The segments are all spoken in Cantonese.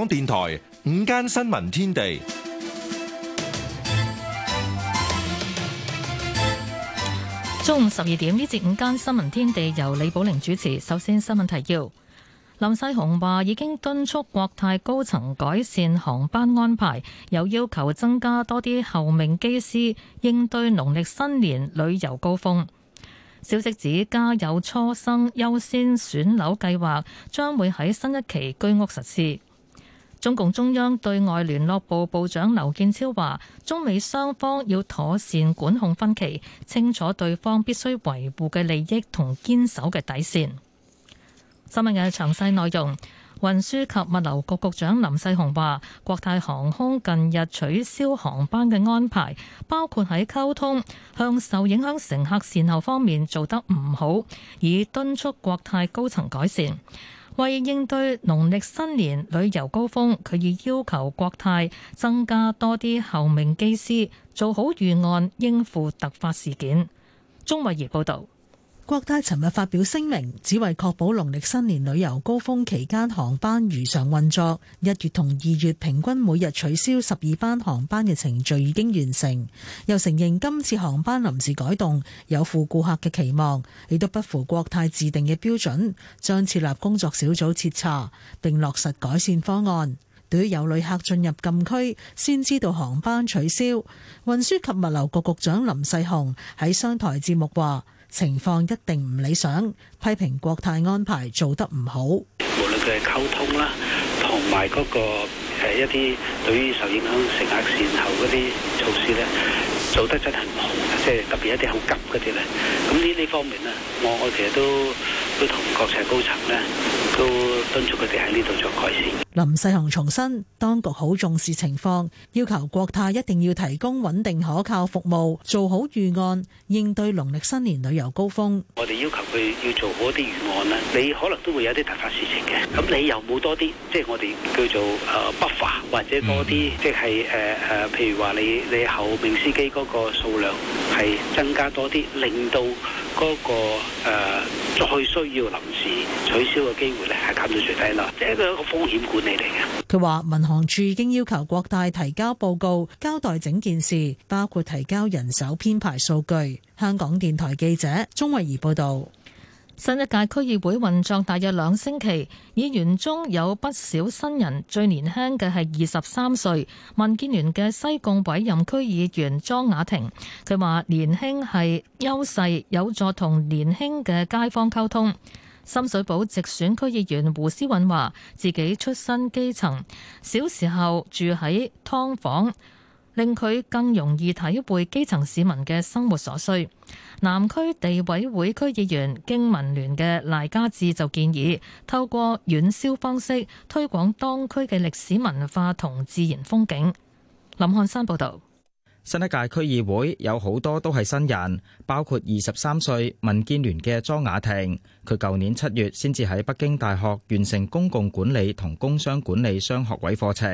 香港電台午間新聞天地，中午十二點。呢節午間新聞天地由李寶玲主持。首先，新聞提要：林世雄話已經敦促國泰高層改善航班安排，又要求增加多啲候命機師，應對農曆新年旅遊高峰。消息指，家有初生優先選樓計劃將會喺新一期居屋實施。中共中央對外聯絡部部長劉建超話，中美雙方要妥善管控分歧，清楚對方必須維護嘅利益同堅守嘅底線。新聞嘅詳細內容，運輸及物流局局長林世雄話國泰航空近日取消航班嘅安排，包括喺溝通向受影響乘客善後方面做得唔好，以敦促國泰高層改善。為應對農曆新年旅遊高峰，佢已要求國泰增加多啲候命機師，做好預案應付突發事件。鍾慧儀報道。國泰尋日發表聲明，只為確保農曆新年旅遊高峰期間航班如常運作。一月同二月平均每日取消十二班航班嘅程序已經完成，又承認今次航班臨時改動有負顧客嘅期望，亦都不符國泰制定嘅標準，將設立工作小組徹查，並落實改善方案。對於有旅客進入禁區先知道航班取消，運輸及物流局局長林世雄喺商台節目話。情況一定唔理想，批評國泰安排做得唔好。無論佢係溝通啦，同埋嗰個誒一啲對於受影響乘客善後嗰啲措施咧，做得真係唔好，即係特別一啲好急嗰啲咧。咁呢呢方面咧，我我其實都都同國際高層咧。都敦促佢哋喺呢度做改善。林世雄重申，當局好重視情況，要求國泰一定要提供穩定可靠服務，做好預案，應對農曆新年旅遊高峰。我哋要求佢要做好一啲預案咧，你可能都會有啲突發事情嘅。咁你又冇多啲，即係我哋叫做誒 buffer，或者多啲，即係誒誒，譬如話你你後面司機嗰個數量係增加多啲，令到。嗰個誒再需要臨時取消嘅機會咧，係減到最低啦，即係一個風險管理嚟嘅。佢話：民航署民航處已經要求國泰提交報告，交代整件事，包括提交人手編排數據。香港電台記者鍾慧儀報道。新一屆區議會運作大約兩星期，議員中有不少新人，最年輕嘅係二十三歲。民建聯嘅西貢委任區議員莊雅婷，佢話年輕係優勢，有助同年輕嘅街坊溝通。深水埗直選區議員胡思韻話，自己出身基層，小時候住喺劏房。令佢更容易體會基層市民嘅生活所需。南區地委會區議員經民聯嘅賴家智就建議，透過遠銷方式推廣當區嘅歷史文化同自然風景。林漢山報導。新一屆區議會有好多都係新人，包括二十三歲民建聯嘅莊雅婷。佢舊年七月先至喺北京大學完成公共管理同工商管理雙學位課程，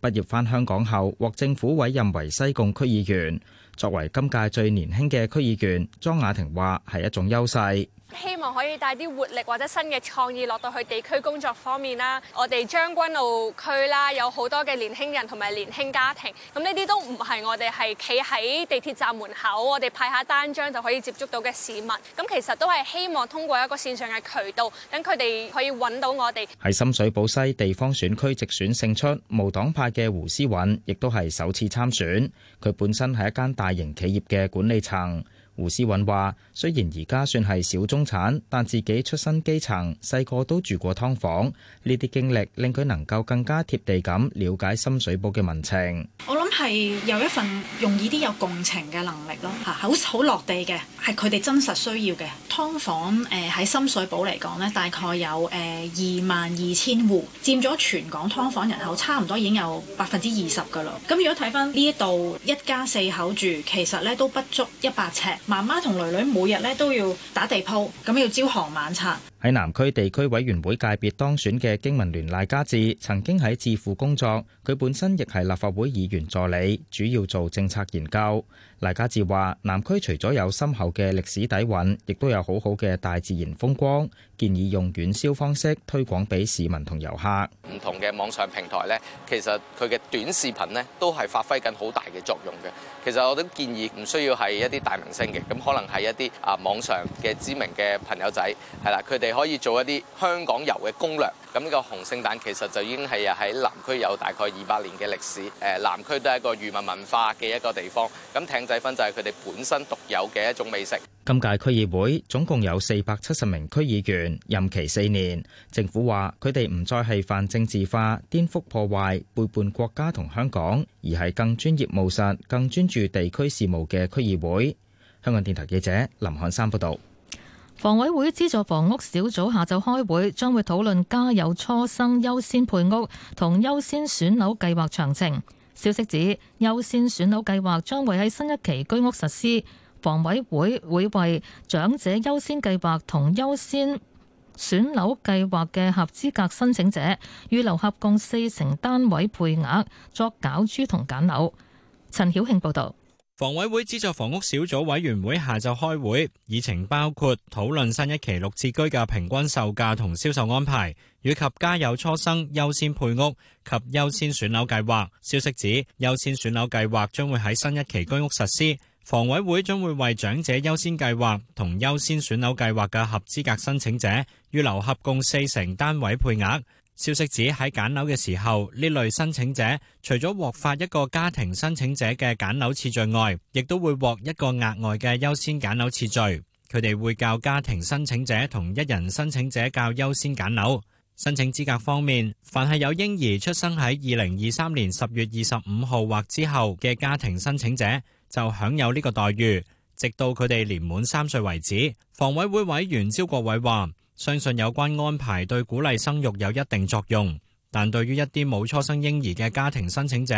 畢業返香港後獲政府委任為西貢區議員。作為今屆最年輕嘅區議員，莊雅婷話係一種優勢。希望可以帶啲活力或者新嘅創意落到去地區工作方面啦。我哋將軍澳區啦，有好多嘅年輕人同埋年輕家庭，咁呢啲都唔係我哋係企喺地鐵站門口，我哋派下單張就可以接觸到嘅市民。咁其實都係希望通過一個綫上嘅渠道，等佢哋可以揾到我哋。喺深水埗西地方選區直選勝出，無黨派嘅胡思韻亦都係首次參選。佢本身係一間大型企業嘅管理層。胡思韻話：雖然而家算係小中產，但自己出身基層，細個都住過劏房，呢啲經歷令佢能夠更加貼地咁了解深水埗嘅民情。我諗係有一份容易啲有共情嘅能力咯，嚇、啊、好好落地嘅，係佢哋真實需要嘅劏房。喺、呃、深水埗嚟講呢，大概有誒二萬二千戶，佔咗全港劏房人口差唔多已經有百分之二十㗎啦。咁如果睇翻呢一度一家四口住，其實咧都不足一百尺。媽媽同女囡每日都要打地鋪，咁要朝行晚拆。喺南區地區委員會界別當選嘅經民聯賴家智，曾經喺智庫工作，佢本身亦係立法會議員助理，主要做政策研究。賴家智話：南區除咗有深厚嘅歷史底蘊，亦都有好好嘅大自然風光，建議用軟銷方式推廣俾市民同遊客。唔同嘅網上平台呢，其實佢嘅短視頻呢都係發揮緊好大嘅作用嘅。其實我都建議唔需要係一啲大明星嘅，咁可能係一啲啊網上嘅知名嘅朋友仔係啦，佢哋。可以做一啲香港遊嘅攻略。咁呢個洪聖誕其實就已經係啊喺南區有大概二百年嘅歷史。誒，南區都係一個漁民文化嘅一個地方。咁艇仔粉就係佢哋本身獨有嘅一種美食。今屆區議會總共有四百七十名區議員，任期四年。政府話佢哋唔再係泛政治化、顛覆破壞、背叛國家同香港，而係更專業務實、更專注地區事務嘅區議會。香港電台記者林漢山報道。房委會資助房屋小組下晝開會，將會討論家有初生優先配屋同優先選樓計劃詳情。消息指，優先選樓計劃將會喺新一期居屋實施，房委會會為長者優先計劃同優先選樓計劃嘅合資格申請者預留合共四成單位配額，作攪珠同揀樓。陳曉慶報道。房委會資助房屋小組委員會下晝開會，議程包括討論新一期綠置居嘅平均售價同銷售安排，以及家有初生優先配屋及優先選樓計劃。消息指，優先選樓計劃將會喺新一期居屋實施，房委會將會為長者優先計劃同優先選樓計劃嘅合資格申請者預留合共四成單位配額。消息指喺揀樓嘅時候，呢類申請者除咗獲發一個家庭申請者嘅揀樓次序外，亦都會獲一個額外嘅優先揀樓次序。佢哋會較家庭申請者同一人申請者較優先揀樓。申請資格方面，凡係有嬰兒出生喺二零二三年十月二十五號或之後嘅家庭申請者，就享有呢個待遇，直到佢哋年滿三歲為止。房委會委員招國偉話：相信有關安排對鼓勵生育有一定作用，但對於一啲冇初生嬰兒嘅家庭申請者，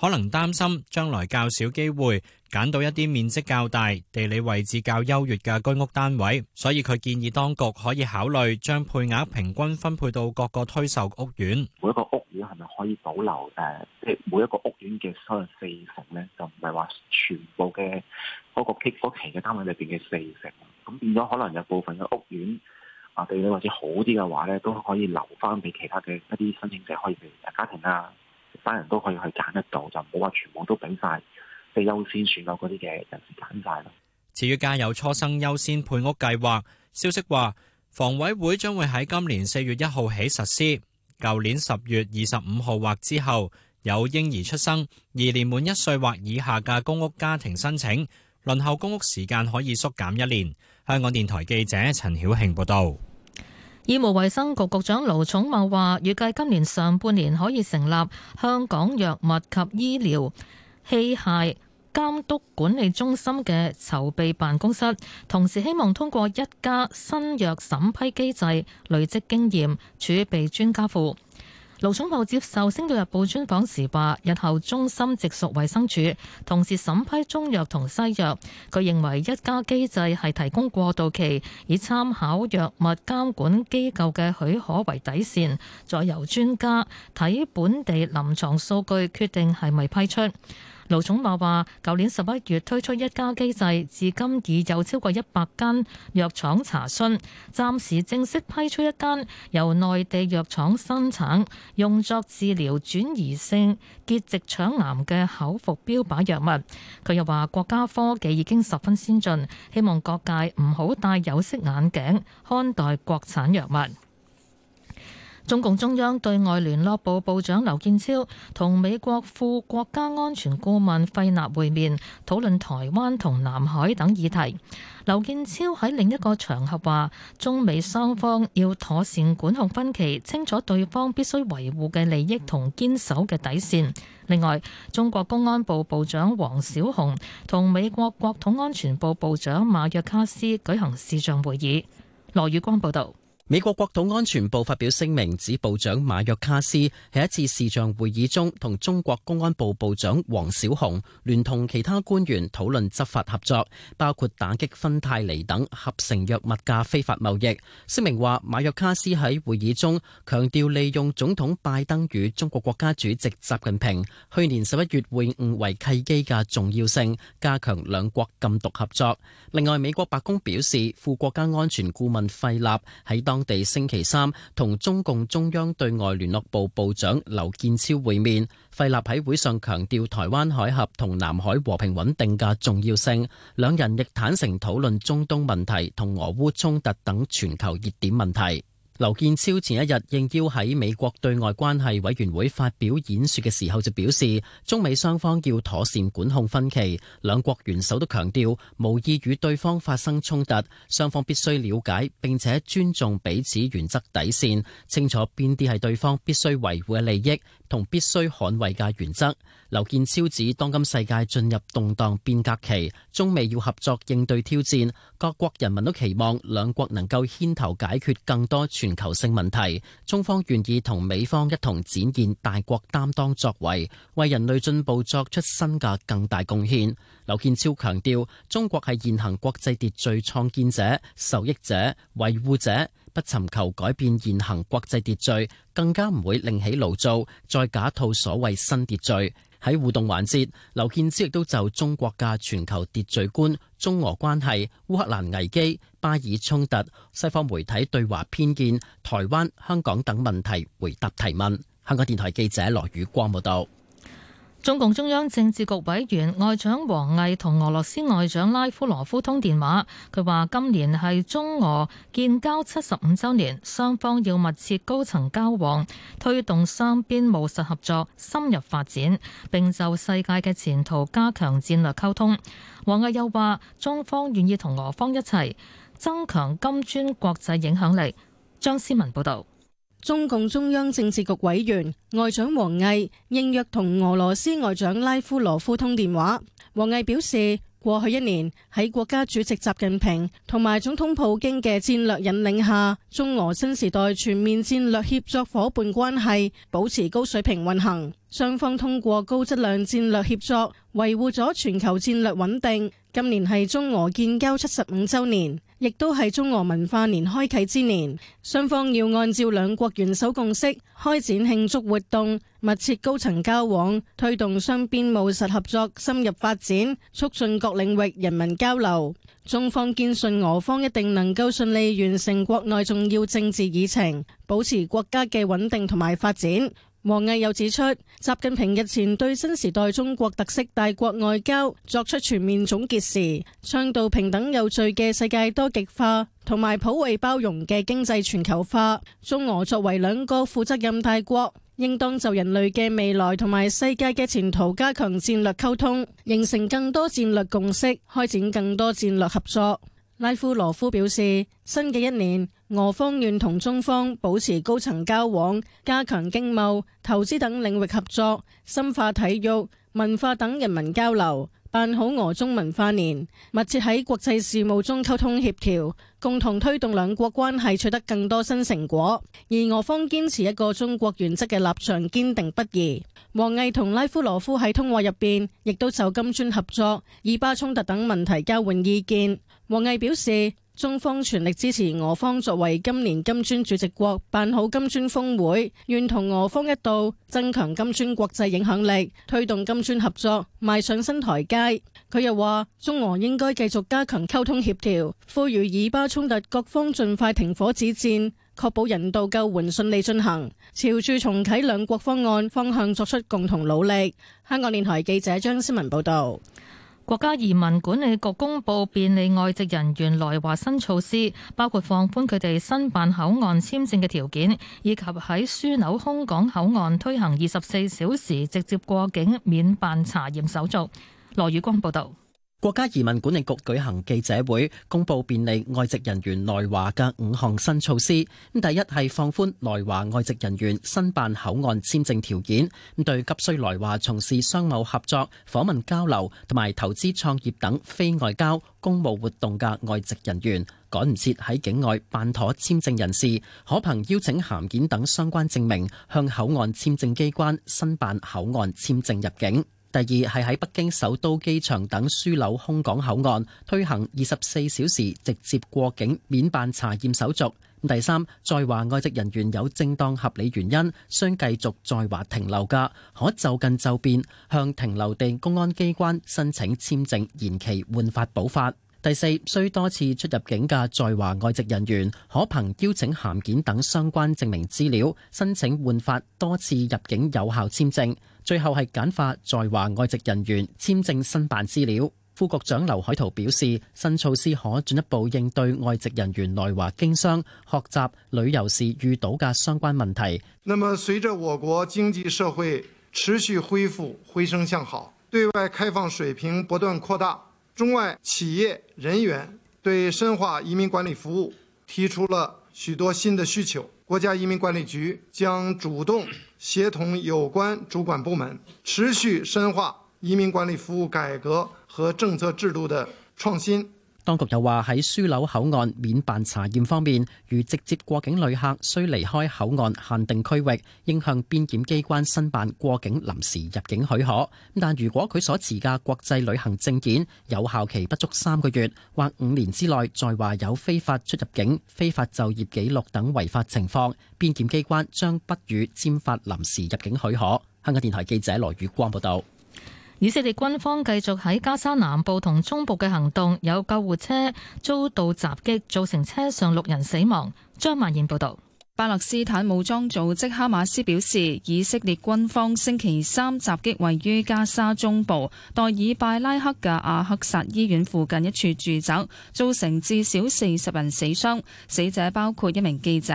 可能擔心將來較少機會揀到一啲面積較大、地理位置較優越嘅居屋單位，所以佢建議當局可以考慮將配額平均分配到各個推售屋苑，每一個屋苑係咪可以保留誒，即係每一個屋苑嘅收入四成呢，就唔係話全部嘅嗰個期嗰期嘅單位裏邊嘅四成，咁變咗可能有部分嘅屋苑。地理或者好啲嘅話咧，都可以留翻俾其他嘅一啲申請者，可以譬如家庭啊、單人都可以去揀得到，就唔好話全部都俾晒，啲優先選樓嗰啲嘅，就揀晒咯。至於家有初生優先配屋計劃消息話，房委會將會喺今年四月一號起實施。舊年十月二十五號或之後有嬰兒出生、二年滿一歲或以下嘅公屋家庭申請，輪候公屋時間可以縮減一年。香港電台記者陳曉慶報道。醫務衛生局局長盧寵茂話：預計今年上半年可以成立香港藥物及醫療器械監督管理中心嘅籌備辦公室，同時希望通過一家新藥審批機制累積經驗，儲備專家庫。盧寵茂接受《星島日報》專訪時話，日後中心直屬衛生署，同時審批中藥同西藥。佢認為一家機制係提供過渡期，以參考藥物監管機構嘅許可為底線，再由專家睇本地臨床數據決定係咪批出。盧寵茂話，舊年十一月推出一家機制，至今已有超過一百間藥廠查詢，暫時正式批出一間由內地藥廠生產，用作治療轉移性結直腸癌嘅口服標靶藥物。佢又話，國家科技已經十分先進，希望各界唔好戴有色眼鏡看待國產藥物。中共中央對外聯絡部部長劉建超同美國副國家安全顧問費納會面，討論台灣同南海等議題，劉建超喺另一個場合話，中美雙方要妥善管控分歧，清楚對方必須維護嘅利益同堅守嘅底線。另外，中國公安部部長王小洪同美國國土安全部部長馬約卡斯舉行視像會議，羅宇光報道。美國國土安全部發表聲明，指部長馬約卡斯喺一次視像會議中，同中國公安部部長黃小紅聯同其他官員討論執法合作，包括打擊芬太尼等合成藥物嘅非法貿易。聲明話，馬約卡斯喺會議中強調利用總統拜登與中國國家主席習近平去年十一月會晤為契機嘅重要性，加強兩國禁毒合作。另外，美國白宮表示，副國家安全顧問費納喺當。地星期三同中共中央對外聯絡部部長劉建超會面，費立喺會上強調台灣海峽同南海和平穩定嘅重要性。兩人亦坦誠討論中東問題同俄烏衝突等全球熱點問題。劉建超前一日應邀喺美國對外關係委員會發表演說嘅時候就表示，中美雙方要妥善管控分歧，兩國元首都強調，無意與對方發生衝突，雙方必須了解並且尊重彼此原則底線，清楚邊啲係對方必須維護嘅利益同必須捍衛嘅原則。劉建超指，當今世界進入動盪變革期。中美要合作應對挑戰，各國人民都期望兩國能夠牽頭解決更多全球性問題，中方願意同美方一同展現大國擔當作為，為人類進步作出新嘅更大貢獻。劉建超強調，中國係現行國際秩序創建者、受益者、維護者，不尋求改變現行國際秩序，更加唔會另起爐灶，再假套所謂新秩序。喺互動環節，劉建超亦都就中國嘅全球秩序觀、中俄關係、烏克蘭危機、巴以衝突、西方媒體對華偏見、台灣、香港等問題回答提問。香港電台記者羅宇光報道。中共中央政治局委員外長王毅，同俄羅斯外長拉夫羅夫通電話，佢話今年係中俄建交七十五周年，雙方要密切高層交往，推動雙邊務實合作深入發展，並就世界嘅前途加強戰略溝通。王毅又話中方願意同俄方一齊增強金磚國際影響力。張思文報道。中共中央政治局委員，外長王毅，應約同俄羅斯外長拉夫羅夫通電話。王毅表示，過去一年，喺國家主席習近平同埋總統普京嘅戰略引領下，中俄新時代全面戰略協作夥伴關係，保持高水平運行。雙方通過高質量戰略協作，維護咗全球戰略穩定，今年係中俄建交75周年。亦都係中俄文化年開啟之年，雙方要按照兩國元首共識，開展慶祝活動，密切高層交往，推動雙邊務實合作深入發展，促進各領域人民交流。中方堅信俄方一定能夠順利完成國內重要政治議程，保持國家嘅穩定同埋發展。王毅又指出，習近平日前對新時代中國特色大國外交作出全面總結時，倡導平等有序嘅世界多極化同埋普惠包容嘅經濟全球化，中俄作為兩個負責任大國，應當就人類嘅未來同埋世界嘅前途加強戰略溝通，形成更多戰略共識，開展更多戰略合作。拉夫羅夫表示，新嘅一年，俄方願同中方保持高層交往，加強經貿、投資等領域合作，深化體育、文化等人民交流，辦好俄中文化年，密切喺國際事務中溝通協調，共同推動兩國關係取得更多新成果。而俄方堅持一個中國原則嘅立場堅定不移。王毅同拉夫羅夫喺通話入邊亦都就金磚合作、以巴衝突等問題交換意見，王毅表示。中方全力支持俄方作為今年金磚主席國辦好金磚峰會，願同俄方一道增強金磚國際影響力，推動金磚合作邁上新台階。佢又話中俄應該繼續加強溝通協調，呼籲以巴衝突各方盡快停火止戰，確保人道救援順利進行，朝住重啟兩國方案方向作出共同努力。香港電台記者張思文報道。國家移民管理局公布便利外籍人員來華新措施，包括放寬佢哋申辦口岸簽證嘅條件，以及喺樞紐空港口岸推行二十四小時直接過境免辦查驗手續。羅宇光報道。國家移民管理局舉行記者會公布便利外籍人員來華嘅第二，係喺北京首都機場等樞紐空港口岸推行二十四小時直接過境免辦查驗手續。第三，在華外籍人員有正當合理原因需繼續在華停留嘅，可就近就便向停留地公安機關申請簽證延期、換發、補發。第四，需多次出入境嘅在華外籍人員，可憑邀請函件等相關證明資料申請換發多次入境有效簽證。最後係簡化在華外籍人員簽證申辦資料。副局長劉海濤表示，新措施可進一步應對外籍人員來華經商、學習、旅遊時遇到嘅相關問題。那麼，隨着我國經濟社會持續恢復、回升向好，對外開放水平不斷擴大，中外企業人員對深化移民管理服務提出了許多新的需求。國家移民管理局將主動協同有關主管部門，持續深化移民管理服務改革和政策制度的創新。當局又話喺樞紐口岸免辦查驗方面，如直接過境旅客需離開口岸限定區域，應向邊檢機關申辦過境臨時入境許可。但如果佢所持嘅國際旅行證件有效期不足三個月或五年之內，再話有非法出入境、非法就業記錄等違法情況，邊檢機關將不予簽發臨時入境許可。香港電台記者羅宇光報道。以色列軍方繼續喺加沙南部同中部嘅行動，有救護車遭到襲擊，造成車上六人死亡。張曼燕報導。巴勒斯坦武裝組織哈馬斯表示，以色列軍方星期三襲擊位於加沙中部代爾拜拉克嘅阿克薩醫院附近一處住宅，造成至少四十人死傷，死者包括一名記者。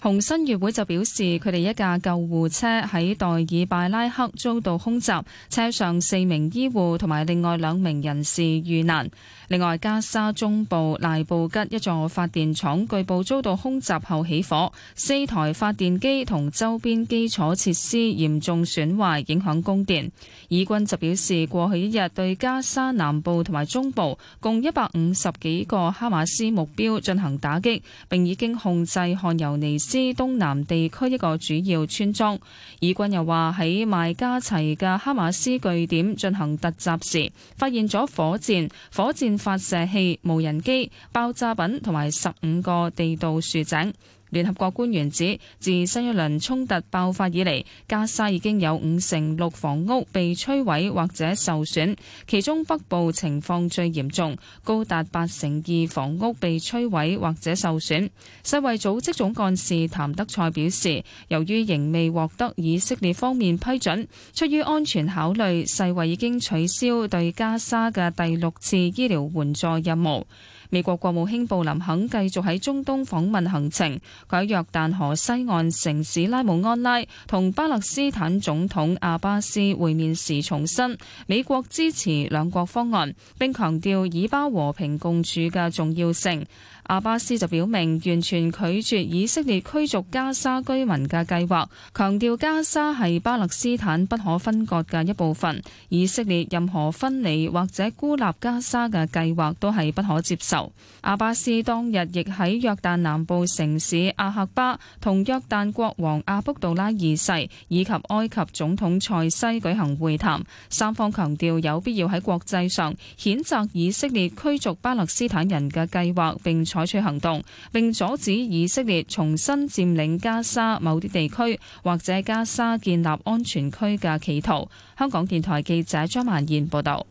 紅新月會就表示，佢哋一架救護車喺代爾拜拉克遭到空襲，車上四名醫護同埋另外兩名人士遇難。另外，加沙中部賴布吉一座發電廠據報遭到空襲後起火，四台發電機同周邊基礎設施嚴重損壞，影響供電，以軍就表示，過去一日對加沙南部同埋中部共一百五十幾個哈馬斯目標進行打擊，並已經控制漢尤尼斯東南地區一個主要村莊，以軍又話喺麥加齊嘅哈馬斯據點進行突襲時發現咗火箭、火箭。發射器、無人機、爆炸品同埋十五個地道樹井。聯合國官員指，自新一輪衝突爆發以嚟，加沙已經有五成六房屋被摧毀或者受損，其中北部情況最嚴重，高達八成二房屋被摧毀或者受損。世衛組織總幹事譚德塞表示，由於仍未獲得以色列方面批准，出於安全考慮，世衛已經取消對加沙嘅第六次醫療援助任務。美國國務卿布林肯繼續喺中東訪問行程，佢喺約旦河西岸城市拉姆安拉同巴勒斯坦總統阿巴斯會面時重申美國支持兩國方案，並強調以巴和平共處嘅重要性。阿巴斯就表明完全拒絕以色列驅逐加沙居民嘅計劃，強調加沙係巴勒斯坦不可分割嘅一部分。以色列任何分離或者孤立加沙嘅計劃都係不可接受。阿巴斯當日亦喺約旦南部城市阿克巴同約旦國王阿卜杜拉二世以及埃及總統塞西舉行會談，三方強調有必要喺國際上譴責以色列驅逐巴勒斯坦人嘅計劃，並採取行動，並阻止以色列重新佔領加沙某啲地區或者加沙建立安全區嘅企圖。香港電台記者張曼燕報道。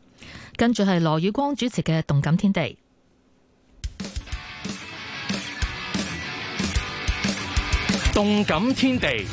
跟住係羅宇光主持嘅《動感天地》。動感天地。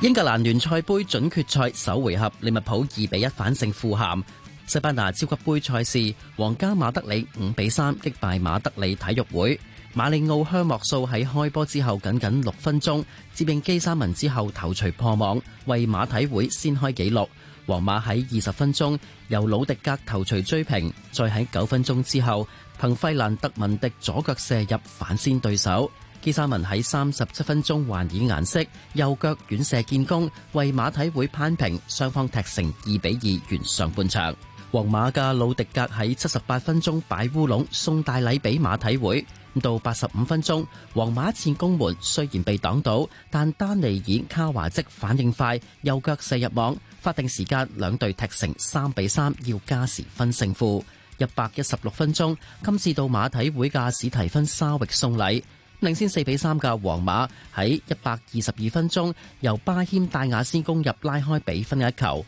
英格蘭聯賽盃準決賽首回合，利物浦二比一反勝富咸。西班牙超級杯賽事，皇家馬德里五比三擊敗馬德里體育會。馬里奧香莫素喺開波之後僅僅六分鐘，接應基沙文之後頭槌破網，為馬體會先開紀錄。皇馬喺二十分鐘由魯迪格頭槌追平，再喺九分鐘之後憑費蘭德文的左腳射入反先對手。基沙文喺三十七分鐘還以顏色，右腳遠射建功，為馬體會攀平，雙方踢成二比二完上半場。皇馬嘅魯迪格喺七十八分鐘擺烏龍，送大禮俾馬體會。到八十五分鐘，皇馬前攻門雖然被擋到，但丹尼爾卡華積反應快，右腳射入網。法定時間兩隊踢成三比三，要加時分勝負。一百一十六分鐘，今次到馬體會嘅史提芬沙域送禮，領先四比三嘅皇馬喺一百二十二分鐘由巴謙戴雅斯攻入拉開比分一球。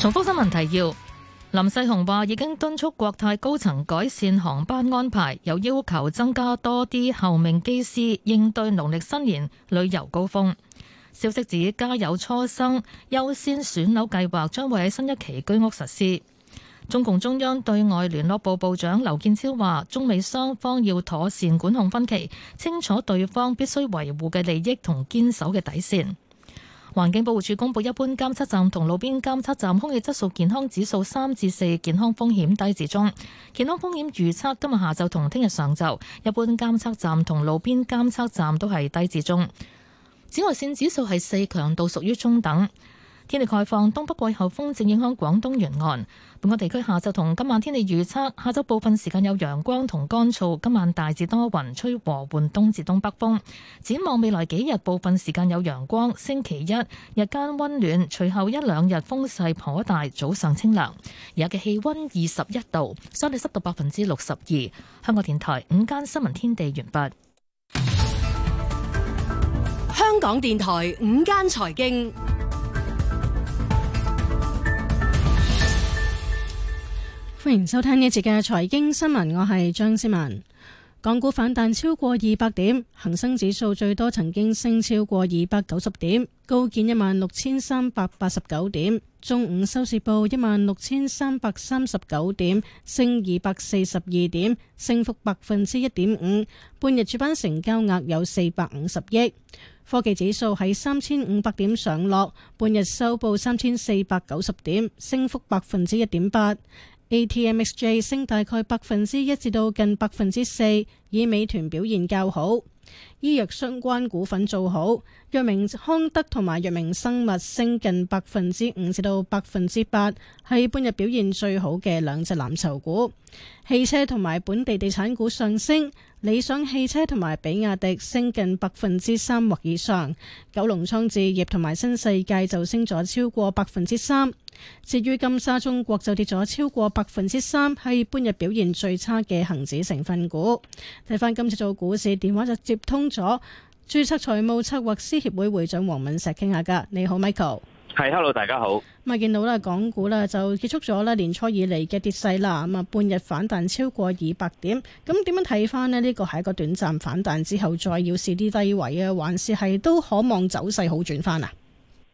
重複新聞提要：林世雄話已經敦促國泰高層改善航班安排，有要求增加多啲候命機師應對農曆新年旅遊高峰。消息指，家有初生優先選樓計劃將會喺新一期居屋實施。中共中央對外聯絡部部長劉建超話：中美雙方要妥善管控分歧，清楚對方必須維護嘅利益同堅守嘅底線。環境保護署公布，一般監測站同路邊監測站空氣質素健康指數三至四，健康風險低至中。健康風險預測今日下晝同聽日上晝，一般監測站同路邊監測站都係低至中。紫外線指數係四，強度屬於中等。天氣概況，東北季候風正影響廣東沿岸。本港地區下晝同今晚天氣預測：下晝部分時間有陽光同乾燥，今晚大致多雲，吹和緩東至東北風。展望未來幾日，部分時間有陽光。星期一日間溫暖，隨後一兩日風勢頗大，早上清涼。而家嘅氣溫二十一度，相對濕度百分之六十二。香港電台午間新聞天地完畢。香港電台午間財經。歡迎收聽呢節嘅財經新聞，我係張思文。港股反彈超過二百點，恒生指數最多曾經升超過二百九十點，高見一萬六千三百八十九點。中午收市報一萬六千三百三十九點，升二百四十二點，升幅百分之一點五。半日主板成交額有四百五十億。科技指數喺三千五百點上落，半日收報三千四百九十點，升幅百分之一點八。ATMXJ 升大概百分之一至到近百分之四，以美團表現較好。醫藥相關股份做好，藥明康德同埋藥明生物升近百分之五至到百分之八，係半日表現最好嘅兩隻藍籌股。汽車同埋本地地產股上升，理想汽車同埋比亞迪升近百分之三或以上，九龍倉置業同埋新世界就升咗超過百分之三。至於金沙中國就跌咗超過百分之三，係半日表現最差嘅恒指成分股。睇翻今次做股市電話就接通咗註冊財務策劃師協會會長黃敏石傾下㗎。你好 Michael，係 Hello 大家好。咁啊見到咧港股咧就結束咗咧年初以嚟嘅跌勢啦。咁啊半日反彈超過二百點，咁點樣睇翻呢？呢個係一個短暫反彈之後再要試啲低位啊，還是係都可望走勢好轉翻啊？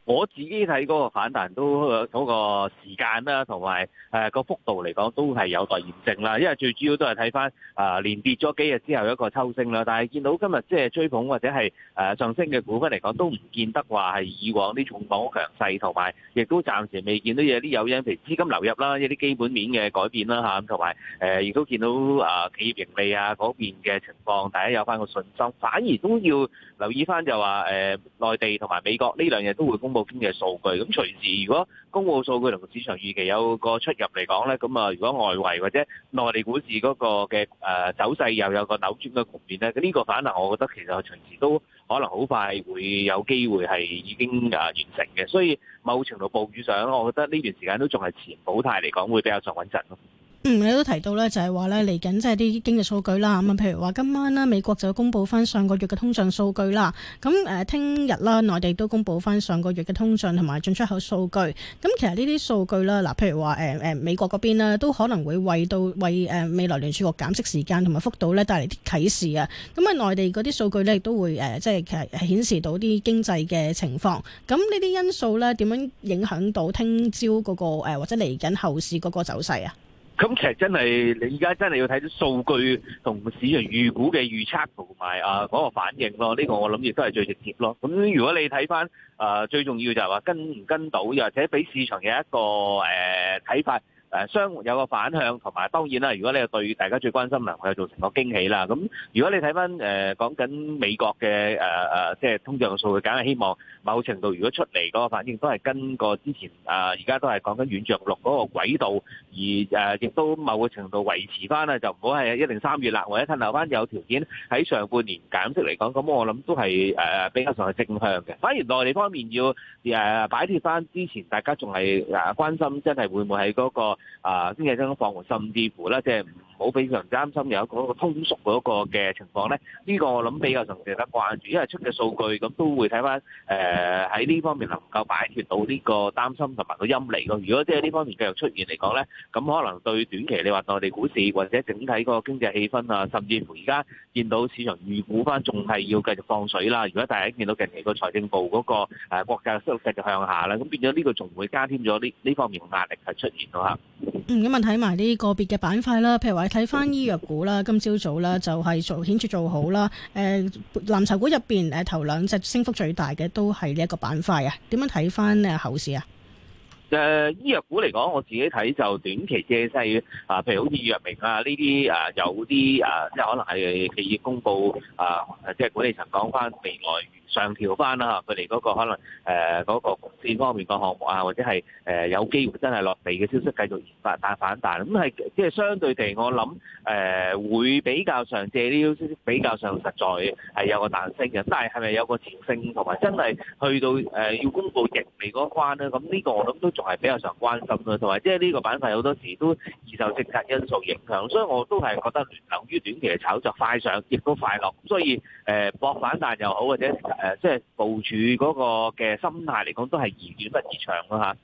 我自己睇嗰個反彈都嗰個時間啦、啊，同埋誒個幅度嚟講都係有待驗證啦。因為最主要都係睇翻誒連跌咗幾日之後一個抽升啦。但係見到今日即係追捧或者係誒上升嘅股份嚟講，都唔見得話係以往啲重磅強勢，同埋亦都暫時未見到有啲有因譬如資金流入啦，一啲基本面嘅改變啦嚇，同埋誒亦都見到誒企業盈利啊嗰邊嘅情況，大家有翻個信心。反而都要留意翻就話誒、呃、內地同埋美國呢兩日都會公報兼嘅數據，咁隨時如果公布數據同市場預期有個出入嚟講呢。咁啊，如果外圍或者內地股市嗰個嘅誒走勢又有個扭轉嘅局面呢，呢個反彈我覺得其實隨時都可能好快會有機會係已經誒完成嘅，所以某程度部署上，我覺得呢段時間都仲係持盈保泰嚟講會比較上穩陣咯。嗯，你都提到咧，就係話咧嚟緊即係啲經濟數據啦咁啊，譬如話今晚啦，美國就公布翻上個月嘅通脹數據啦。咁誒，聽日啦，內地都公布翻上個月嘅通脹同埋進出口數據。咁其實呢啲數據啦，嗱，譬如話誒誒，美國嗰邊呢，都可能會為到為誒未來聯儲局減息時間同埋幅度咧帶嚟啲啟示啊。咁啊，內地嗰啲數據咧亦都會誒，即係其實顯示到啲經濟嘅情況。咁呢啲因素咧，點樣影響到聽朝嗰個誒或者嚟緊後市嗰個走勢啊？咁其實真係，你而家真係要睇啲數據同市場預估嘅預測同埋啊嗰個反應咯。呢個我諗亦都係最直接咯。咁如果你睇翻啊，最重要就係話跟唔跟到，又或者俾市場嘅一個誒睇法。誒相互有個反向，同埋當然啦。如果你對大家最關心，唔會有造成個驚喜啦。咁如果你睇翻誒講緊美國嘅誒誒，即係通脹嘅數據，梗係希望某程度，如果出嚟嗰個反應都係跟個之前誒而家都係講緊軟著陸嗰個軌道，而誒亦、呃、都某個程度維持翻啊，就唔好係一定三月啦，或者褪後翻有條件喺上半年減息嚟講，咁我諗都係誒、呃、比較上係正向嘅。反而內地方面要誒擺脱翻之前大家仲係誒關心，真係會唔會喺嗰、那個？啊，經濟增速放緩，甚至乎咧，即係唔好俾人擔心有一個一個通縮嗰個嘅情況咧。呢個我諗比較值得關注，因為出嘅數據咁都會睇翻誒喺呢方面能夠擺脱到呢個擔心同埋個陰離。如果即係呢方面繼續出現嚟講咧，咁可能對短期你話內地股市或者整體個經濟氣氛啊，甚至乎而家見到市場預估翻仲係要繼續放水啦。如果大家見到近期個財政部嗰個誒國債息率繼續向下咧，咁變咗呢個仲會加添咗呢呢方面嘅壓力係出現咗嚇。嗯，咁啊睇埋呢個別嘅板塊啦，譬如話你睇翻醫藥股啦，今朝早啦就係做顯著做好啦。誒、呃，藍籌股入邊誒，頭兩隻升幅最大嘅都係呢一個板塊啊。點樣睇翻誒後市啊？誒、呃，醫藥股嚟講，我自己睇就短期嘅勢、就是、啊，譬如好似藥明啊呢啲誒，有啲誒、啊，即係可能係企業公佈啊，即係管理層講翻未來。上調翻啦，佢哋嗰個可能誒嗰、呃那個公司方面嘅項目啊，或者係誒、呃、有機會真係落地嘅消息繼續延發帶反彈，咁係即係相對地，我諗誒、呃、會比較上借呢啲消息比較上實在係有個彈升嘅，但係係咪有個前升同埋真係去到誒、呃、要公布盈利嗰一關咧？咁呢個我諗都仲係比較上關心咯，同埋即係呢個板塊好多時都受政策因素影響，所以我都係覺得留於短期嘅炒作快上亦都快落，所以誒博、呃、反彈又好或者。誒、呃，即係部署嗰個嘅心態嚟講，都係宜短不宜長咯吓。啊、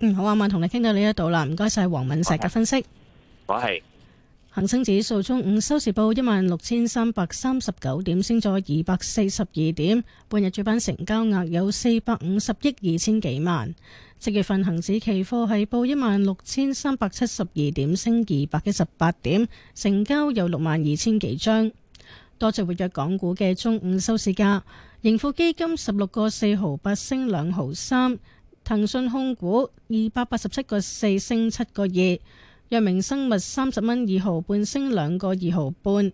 嗯，好啊，咁同你傾到呢一度啦，唔該晒黃敏石嘅分析。Okay. 我係恆生指數中午收市報一萬六千三百三十九點，升咗二百四十二點。半日主板成交額有四百五十億二千幾萬。即月份恆指期貨係報一萬六千三百七十二點，升二百一十八點，成交有六萬二千幾張。多隻活躍港股嘅中午收市價，盈富基金十六個四毫八升兩毫三，騰訊控股二百八十七個四升七個二，藥明生物三十蚊二毫半升兩個二毫半，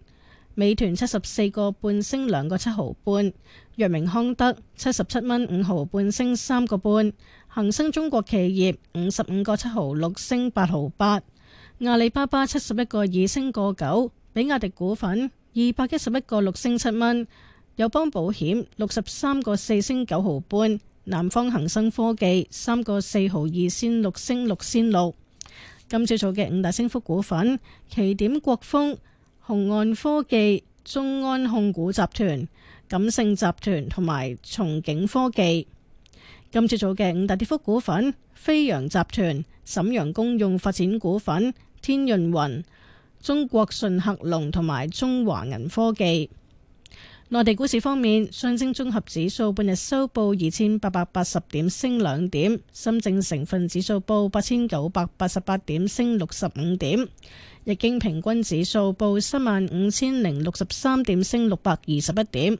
美團七十四個半升兩個七毫半，藥明康德七十七蚊五毫半升三個半，恒生中國企業五十五個七毫六升八毫八，阿里巴巴七十一個二升個九，比亞迪股份。二百一十一個六升七蚊，友邦保險六十三個四升九毫半，95, 南方恒生科技三個四毫二升六升六仙六。66. 66. 今朝早嘅五大升幅股份：奇點國風、紅岸科技、中安控股集團、錦盛集團同埋松景科技。今朝早嘅五大跌幅股份：飛揚集團、沈陽公用發展股份、天潤雲。中國順客隆同埋中華銀科技。內地股市方面，上證綜合指數半日收報二千八百八十點，升兩點，深證成分指數報八千九百八十八點，升六十五點，日經平均指數報三萬五千零六十三點，升六百二十一點。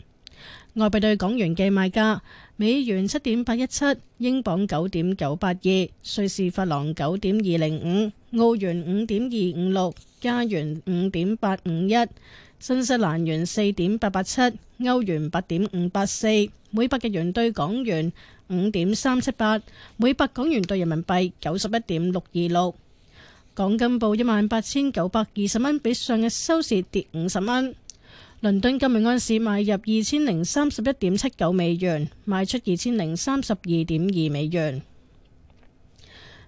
外幣兌港元嘅賣價：美元七點八一七，英鎊九點九八二，瑞士法郎九點二零五，澳元五點二五六。加元五點八五一，51, 新西蘭元四點八八七，歐元八點五八四，每百日元兌港元五點三七八，每百港元兌人民幣九十一點六二六。港金報一萬八千九百二十蚊，比上日收市跌五十蚊。倫敦金每盎司買入二千零三十一點七九美元，賣出二千零三十二點二美元。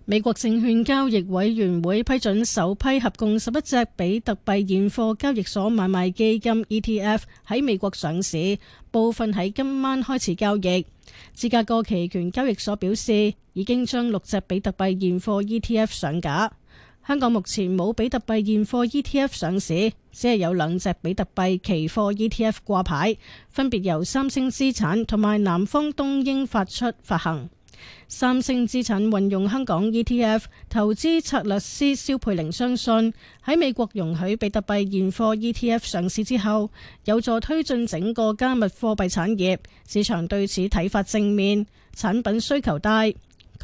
美國證券交易委員會批准首批合共十一隻比特幣現貨交易所買賣基金 ETF 喺美國上市，部分喺今晚開始交易。芝加哥期權交易所表示，已經將六隻比特幣現貨 ETF 上架。香港目前冇比特幣現貨 ETF 上市，只係有兩隻比特幣期貨 ETF 掛牌，分別由三星資產同埋南方東英發出發行。三星資產運用香港 ETF 投資策略師蕭佩玲相信喺美國容許比特幣現貨 ETF 上市之後，有助推進整個加密貨幣產業，市場對此睇法正面，產品需求大。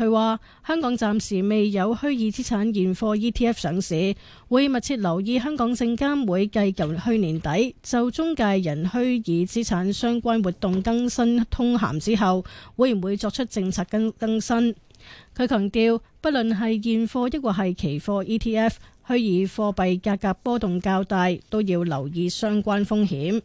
佢話：香港暫時未有虛擬資產現貨 ETF 上市，會密切留意香港證監會繼舊去年底就中介人虛擬資產相關活動更新通函之後，會唔會作出政策更更新。佢強調，不論係現貨抑或係期貨 ETF，虛擬貨幣價格波動較大，都要留意相關風險。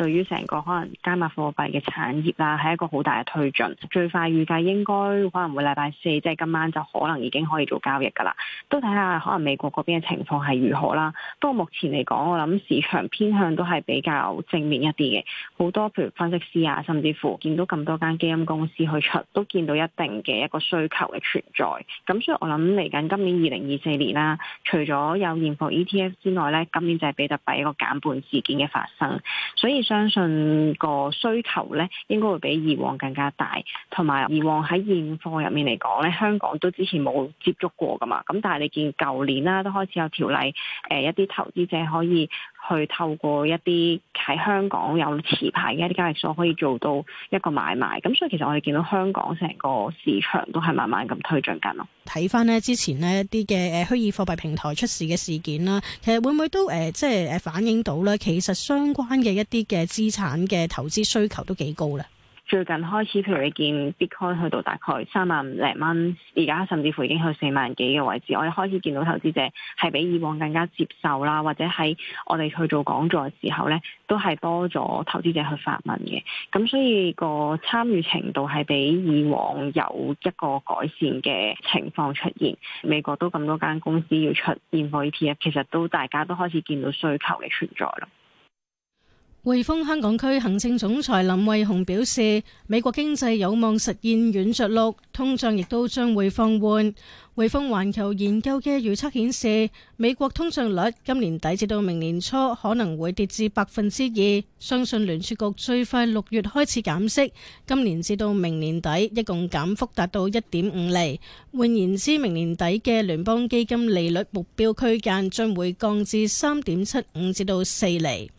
對於成個可能加密貨幣嘅產業啦，係一個好大嘅推進。最快預計應該可能會禮拜四，即係今晚就可能已經可以做交易㗎啦。都睇下可能美國嗰邊嘅情況係如何啦。不過目前嚟講，我諗市場偏向都係比較正面一啲嘅。好多譬如分析師啊，甚至乎見到咁多間基金公司去出，都見到一定嘅一個需求嘅存在。咁所以我諗嚟緊今年二零二四年啦，除咗有現貨 ETF 之外呢，今年就係比特幣一個減半事件嘅發生，所以。相信個需求咧應該會比以往更加大，同埋以往喺現貨入面嚟講咧，香港都之前冇接觸過㗎嘛，咁但係你見舊年啦都開始有條例，誒、呃、一啲投資者可以。去透過一啲喺香港有持牌嘅一啲交易所，可以做到一個買賣。咁所以其實我哋見到香港成個市場都係慢慢咁推進緊咯。睇返呢之前呢一啲嘅誒虛擬貨幣平台出事嘅事件啦，其實會唔會都誒即係誒反映到咧，其實相關嘅一啲嘅資產嘅投資需求都幾高咧。最近開始，譬如你見 Bitcoin 去到大概三萬零蚊，而家甚至乎已經去四萬幾嘅位置，我哋開始見到投資者係比以往更加接受啦，或者喺我哋去做講座嘅時候咧，都係多咗投資者去發問嘅。咁所以個參與程度係比以往有一個改善嘅情況出現。美國都咁多間公司要出現貨 ETF，其實都大家都開始見到需求嘅存在咯。滙豐香港區行政總裁林慧虹表示，美國經濟有望實現軟着陸，通脹亦都將會放緩。滙豐環球研究嘅預測顯示，美國通脹率今年底至到明年初可能會跌至百分之二，相信聯儲局最快六月開始減息，今年至到明年底一共減幅達到一點五厘，換言之，明年底嘅聯邦基金利率目標區間將會降至三點七五至到四厘。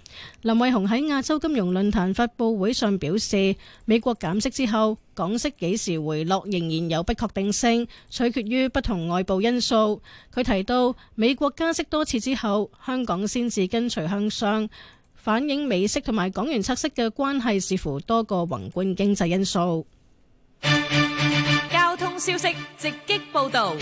林慧雄喺亞洲金融論壇發佈會上表示，美國減息之後，港息幾時回落仍然有不確定性，取決於不同外部因素。佢提到，美國加息多次之後，香港先至跟隨向上，反映美息同埋港元測息嘅關係似乎多過宏觀經濟因素。交通消息直擊報道。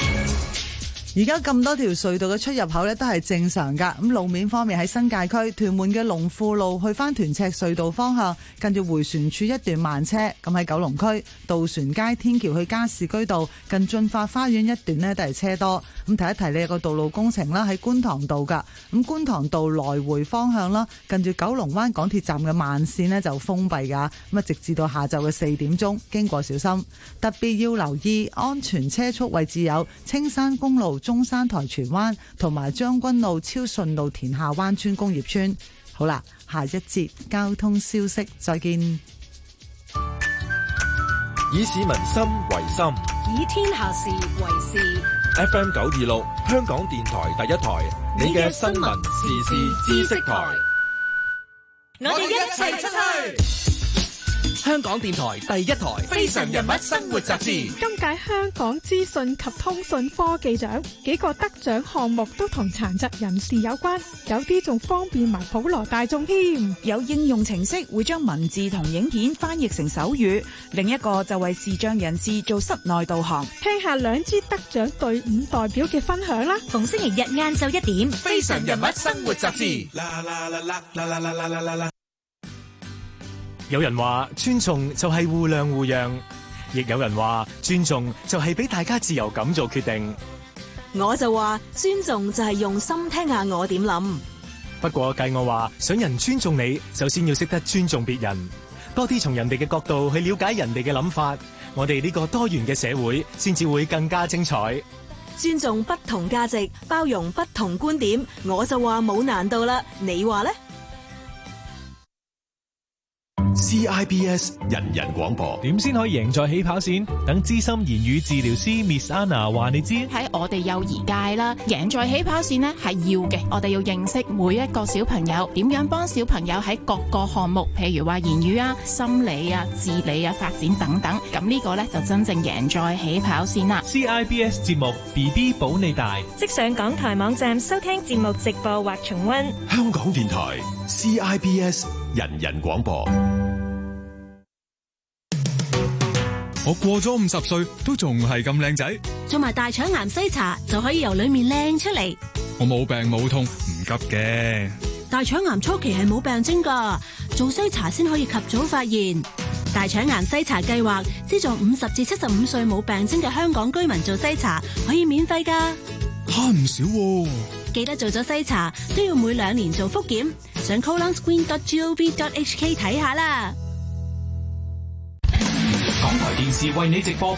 而家咁多條隧道嘅出入口呢，都係正常㗎。咁路面方面喺新界區屯門嘅龍富路去返屯赤隧道方向，近住迴旋處一段慢車。咁喺九龍區渡船街天橋去加士居道近駿發花園一段呢，都係車多。咁提一提你有個道路工程啦，喺觀塘道㗎。咁觀塘道來回方向啦，近住九龍灣港鐵站嘅慢線呢，就封閉㗎。咁啊直至到下晝嘅四點鐘，經過小心，特別要留意安全車速位置有青山公路。中山台、荃灣同埋將軍路、超順路、田下灣村工業村，好啦，下一節交通消息，再見。以市民心為心，以天下事為事。FM 九二六，香港電台第一台，你嘅新聞時事知識台。我哋一齊出去。香港電台第一台《非常人物生活雜誌》，今屆香港資訊及通訊科技獎幾個得獎項目都同殘疾人士有關，有啲仲方便埋普羅大眾添。有應用程式會將文字同影片翻譯成手語，另一個就為視障人士做室內導航。聽下兩支得獎隊伍代表嘅分享啦！逢星期日晏晝一點，《非常人物生活雜誌》。有人話，尊重就係互諒互讓，亦有人話，尊重就係俾大家自由噉做決定。CIBS 人人廣播，點先可以贏在起跑線？等資深言語治療師 Miss Anna 話你知，喺我哋幼兒界啦，贏在起跑線呢係要嘅。我哋要認識每一個小朋友，點樣幫小朋友喺各個項目，譬如話言語啊、心理啊、自理啊發展等等。咁呢個呢，就真正贏在起跑線啦。CIBS 節目 B B 保你大，即上港台網站收聽節目直播或重溫香港電台 CIBS 人人廣播。我過咗五十歲都仲係咁靚仔，做埋大腸癌篩查就可以由裏面靚出嚟。我冇病冇痛，唔急嘅。大腸癌初期係冇病徵噶，做篩查先可以及早發現。大腸癌篩查計劃資助五十至七十五歲冇病徵嘅香港居民做篩查，可以免費噶。慳唔少喎。記得做咗篩查都要每兩年做複檢，上 colonscreen.gov.hk 睇下啦。港台電視為你直播。